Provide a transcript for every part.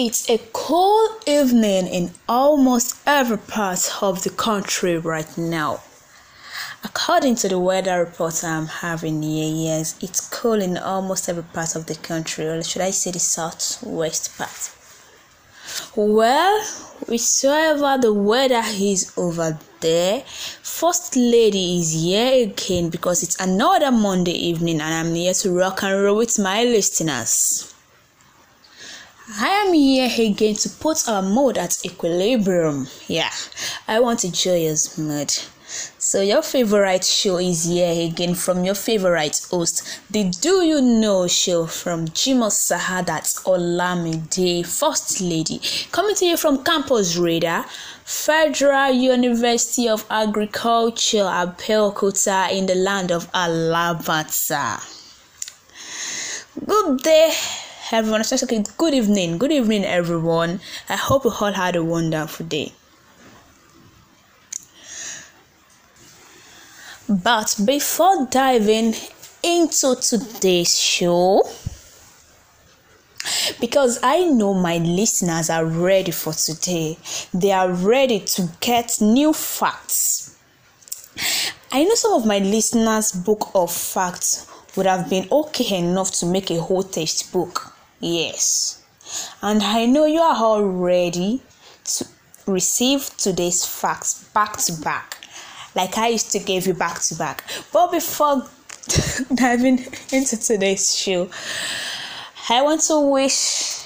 It's a cold evening in almost every part of the country right now. According to the weather report I'm having here, yes, it's cold in almost every part of the country, or should I say the southwest part. Well, whichever the weather is over there, First Lady is here again because it's another Monday evening and I'm here to rock and roll with my listeners. I am here again to put our mood at equilibrium. Yeah, I want a joyous mood. So, your favorite show is here again from your favorite host, the Do You Know show from Jimo Sahadat Olamide, First Lady, coming to you from Campus Radar, Federal University of Agriculture, Abeokuta, in the land of Alabata. Good day everyone. So okay, good evening, good evening, everyone. I hope you all had a wonderful day. But before diving into today's show, because I know my listeners are ready for today, they are ready to get new facts. I know some of my listeners' book of facts would have been okay enough to make a whole textbook. Yes. And I know you are all ready to receive today's facts back to back, like I used to give you back to back. But before diving into today's show, I want to wish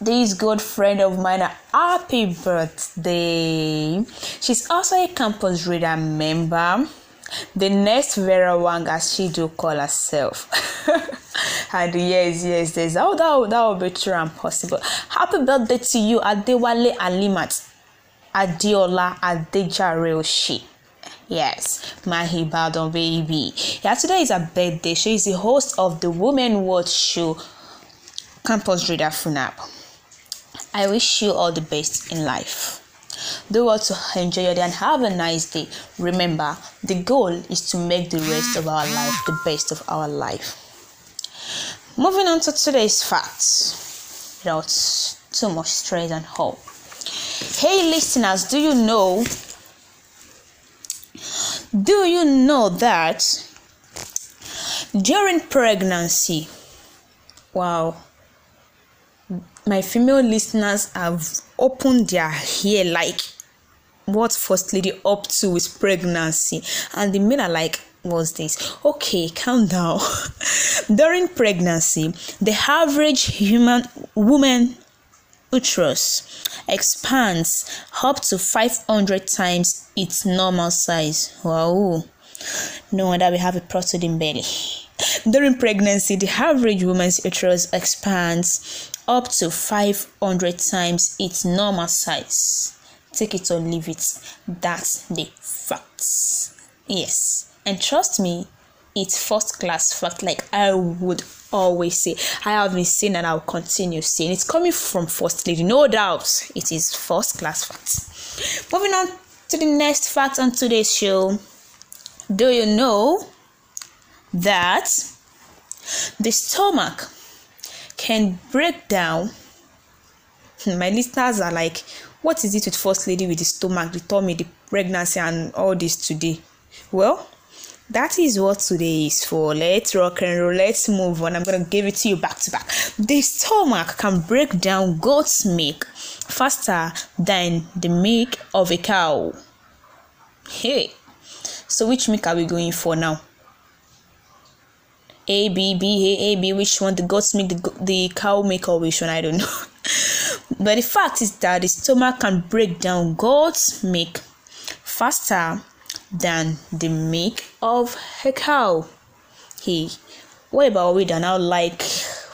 this good friend of mine a happy birthday. She's also a campus reader member. The next Vera Wang, as she do call herself. and yes, yes, yes. Oh, that would, that would be true and possible. Happy birthday to you, Adewale Alimat, Adeola Adejare Yes, my Ibadan baby. Yeah, today is her birthday. She is the host of the Women World Show, Campus Reader Funab. I wish you all the best in life. Do well to enjoy your day and have a nice day. Remember, the goal is to make the rest of our life the best of our life. Moving on to today's facts without too much stress and hope. Hey, listeners, do you know? Do you know that during pregnancy, wow, my female listeners have opened their ear like what First Lady up to with pregnancy, and the men are like, was this? Okay, calm down. During pregnancy, the average human woman uterus expands up to 500 times its normal size. Wow. No wonder we have a protruding belly. During pregnancy, the average woman's uterus expands up to 500 times its normal size. Take it or leave it. That's the facts. Yes. And trust me, it's first class fact. Like I would always say, I have been seen, and I'll continue seeing. It's coming from first lady, no doubt. It is first class fact. Moving on to the next fact on today's show. Do you know that the stomach can break down? Hmm, my listeners are like, what is it with first lady with the stomach? They told me the pregnancy and all this today. Well, that is what today is for. Let's rock and roll. Let's move on. I'm gonna give it to you back to back. The stomach can break down goat's milk faster than the milk of a cow. Hey, so which milk are we going for now? A B B A A B. Which one? The goat's milk, the, the cow milk, or which one? I don't know. but the fact is that the stomach can break down goat's milk faster than the milk of a cow. he. what about we do now like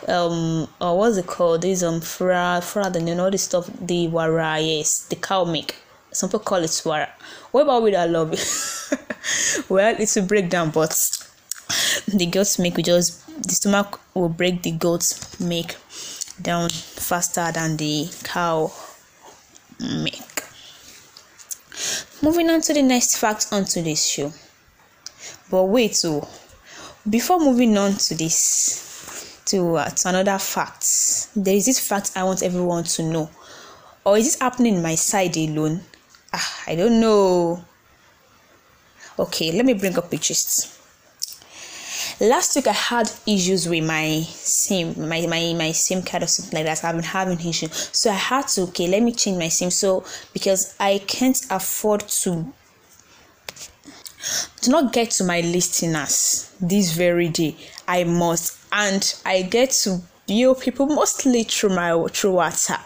um or uh, what's it called? This um fra fra and you know this stuff the wara yes the cow milk. Some people call it swara. What about we that love it? well, it will break down, but the goat's milk will just the stomach will break the goat's milk down faster than the cow milk. Moving on to the next fact on today's show. But wait, so before moving on to this, to, uh, to another fact, there is this fact I want everyone to know. Or is this happening in my side alone? Ah, I don't know. Okay, let me bring up gist last week I had issues with my sim, my my my sim card or something like that. I've been having issues, so I had to okay, let me change my sim. So because I can't afford to do not get to my listeners this very day. I must, and I get to view people mostly through my through WhatsApp.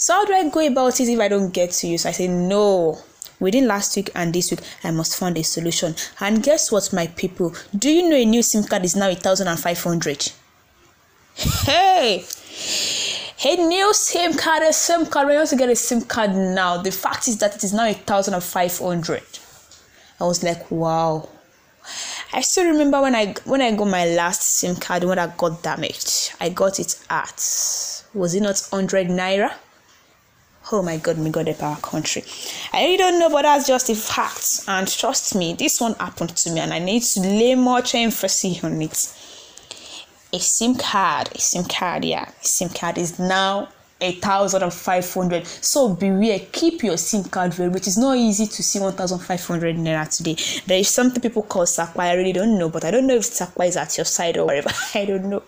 So how do I go about it if I don't get to you? So I say no within last week and this week i must find a solution and guess what my people do you know a new sim card is now 1500 hey a new SIM card, a SIM card. We want to get a SIM card now. The fact is that it is now a thousand and five hundred. I was like, wow. I still remember when I when I got my last SIM card when I got damaged. I got it at was it not hundred naira? oh my god, may God help our country. I really don't know, but that's just a fact. And trust me, this one happened to me, and I need to lay much emphasis on it. A SIM card, a SIM card, yeah, a SIM card is now 1500 so beware keep your sim card which is not easy to see 1500 naira today there is something people call sakwa i really don't know but i don't know if sakwa is at your side or whatever i don't know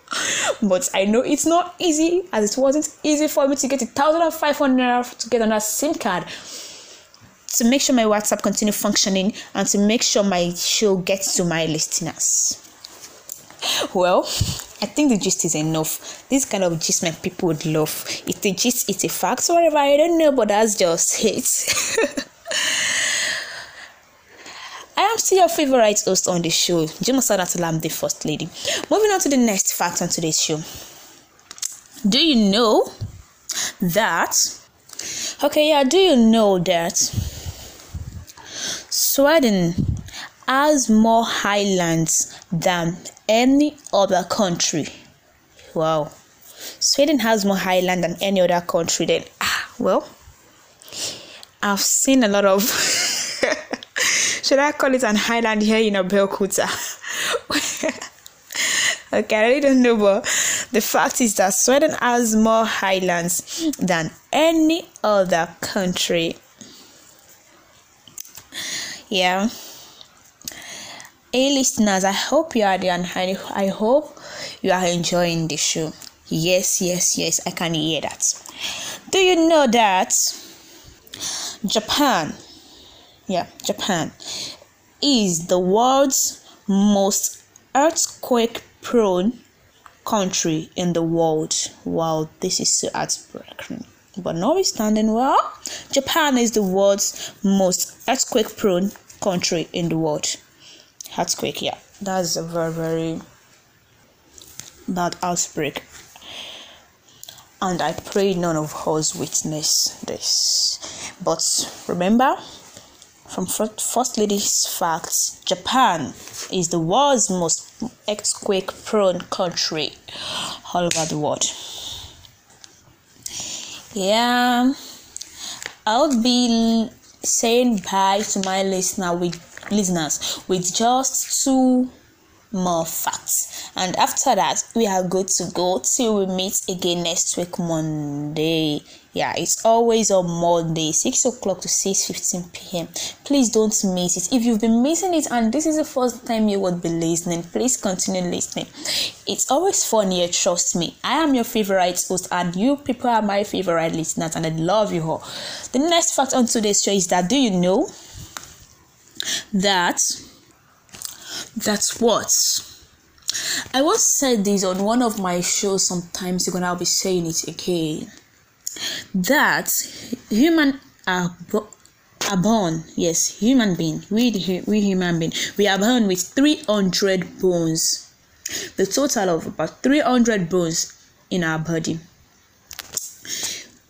but i know it's not easy as it wasn't easy for me to get 1500 naira to get on that sim card to make sure my whatsapp continue functioning and to make sure my show gets to my listeners well, I think the gist is enough. This kind of gist my people would love. It's a gist, it's a fact, whatever, I don't know, but that's just it. I am still your favorite host on the show, Jimo Sadatul, I'm the first lady. Moving on to the next fact on today's show. Do you know that? Okay, yeah, do you know that Sweden has more highlands than any other country. Wow. Sweden has more highland than any other country then. Ah, well, I've seen a lot of should I call it an highland here in Abelkuta? okay, I really don't know, but the fact is that Sweden has more highlands than any other country. Yeah. Hey, listeners, I hope you are there and I hope you are enjoying the show. Yes, yes, yes, I can hear that. Do you know that Japan, yeah, Japan is the world's most earthquake prone country in the world. Wow, this is so heartbreaking. But notwithstanding, well, Japan is the world's most earthquake prone country in the world earthquake yeah that's a very very bad outbreak and i pray none of us witness this but remember from first lady's facts japan is the world's most earthquake prone country all over the world yeah i'll be saying bye to my listener with listeners with just two more facts. And after that, we are good to go till we meet again next week, Monday yeah it's always on monday 6 o'clock to 6 15 p.m please don't miss it if you've been missing it and this is the first time you would be listening please continue listening it's always fun here eh, trust me i am your favorite host and you people are my favorite listeners and i love you all the next fact on today's show is that do you know that that's what I once said this on one of my shows sometimes, you're gonna be saying it again that human are are born yes human being we we human being we are born with 300 bones the total of about 300 bones in our body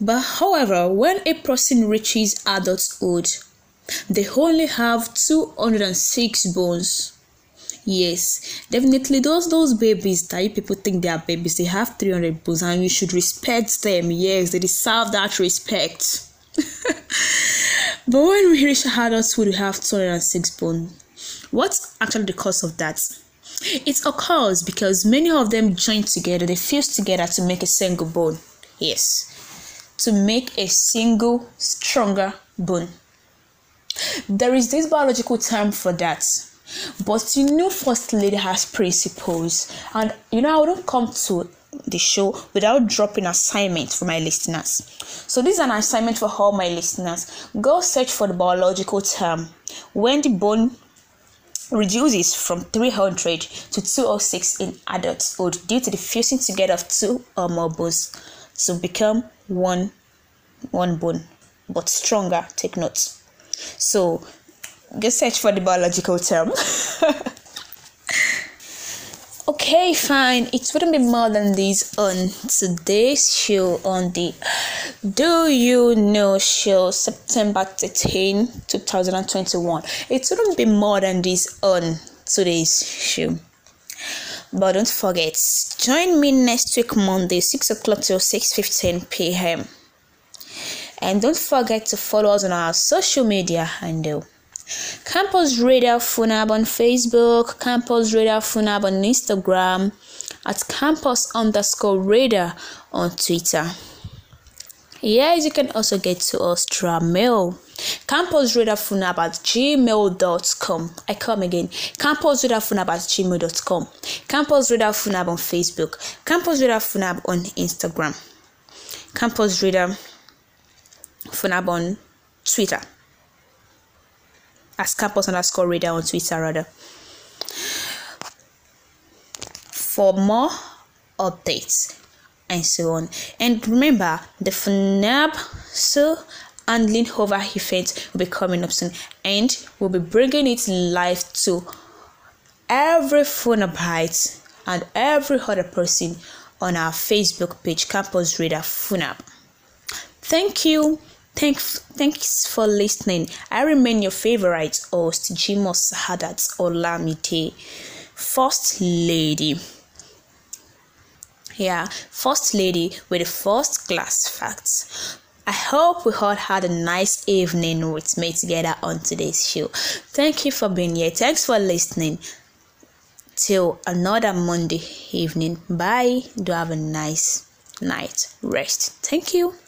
but however when a person reaches adulthood they only have 206 bones Yes, definitely those those babies that people think they are babies, they have 300 bones, and you should respect them. Yes, they deserve that respect. but when we reach adulthood, we have 206 bone. What's actually the cause of that? It occurs because many of them join together, they fuse together to make a single bone. Yes, to make a single stronger bone. There is this biological term for that but you know, First Lady has principles, and you know, I wouldn't come to the show without dropping assignment for my listeners. So this is an assignment for all my listeners. Go search for the biological term when the bone reduces from 300 to 206 in adulthood due to the fusing together of two or more bones to become one one bone but stronger take note so just search for the biological term. okay, fine. It wouldn't be more than this on today's show on the Do You Know show, September 13, 2021. It wouldn't be more than this on today's show. But don't forget, join me next week Monday, 6 o'clock till 6.15 p.m. And don't forget to follow us on our social media handle. Campus Radar Funab on Facebook, Campus Radar Funab on Instagram, at campus underscore radar on Twitter. Yes, you can also get to us through Campus mail. CampusRadarFunab at gmail.com. I come again. CampusRadarFunab at gmail.com. CampusRadarFunab on Facebook. CampusRadarFunab on Instagram. Campus Radar Funab on Twitter as Capos underscore radar on Twitter rather. For more updates and so on. And remember the FNAB so handling hover event will be coming up soon and we'll be bringing it live to every phonabite and every other person on our Facebook page Campus Reader FUNAB. Thank you. Thanks, thanks for listening. I remain your favorite host, Jimo Sahadat Olamite, First Lady. Yeah, First Lady with the first class facts. I hope we all had a nice evening with me together on today's show. Thank you for being here. Thanks for listening. Till another Monday evening. Bye. Do have a nice night rest. Thank you.